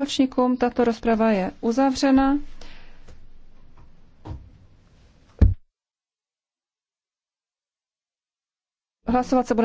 Ročníkům tato rozprava je uzavřena. Hlasovat se bude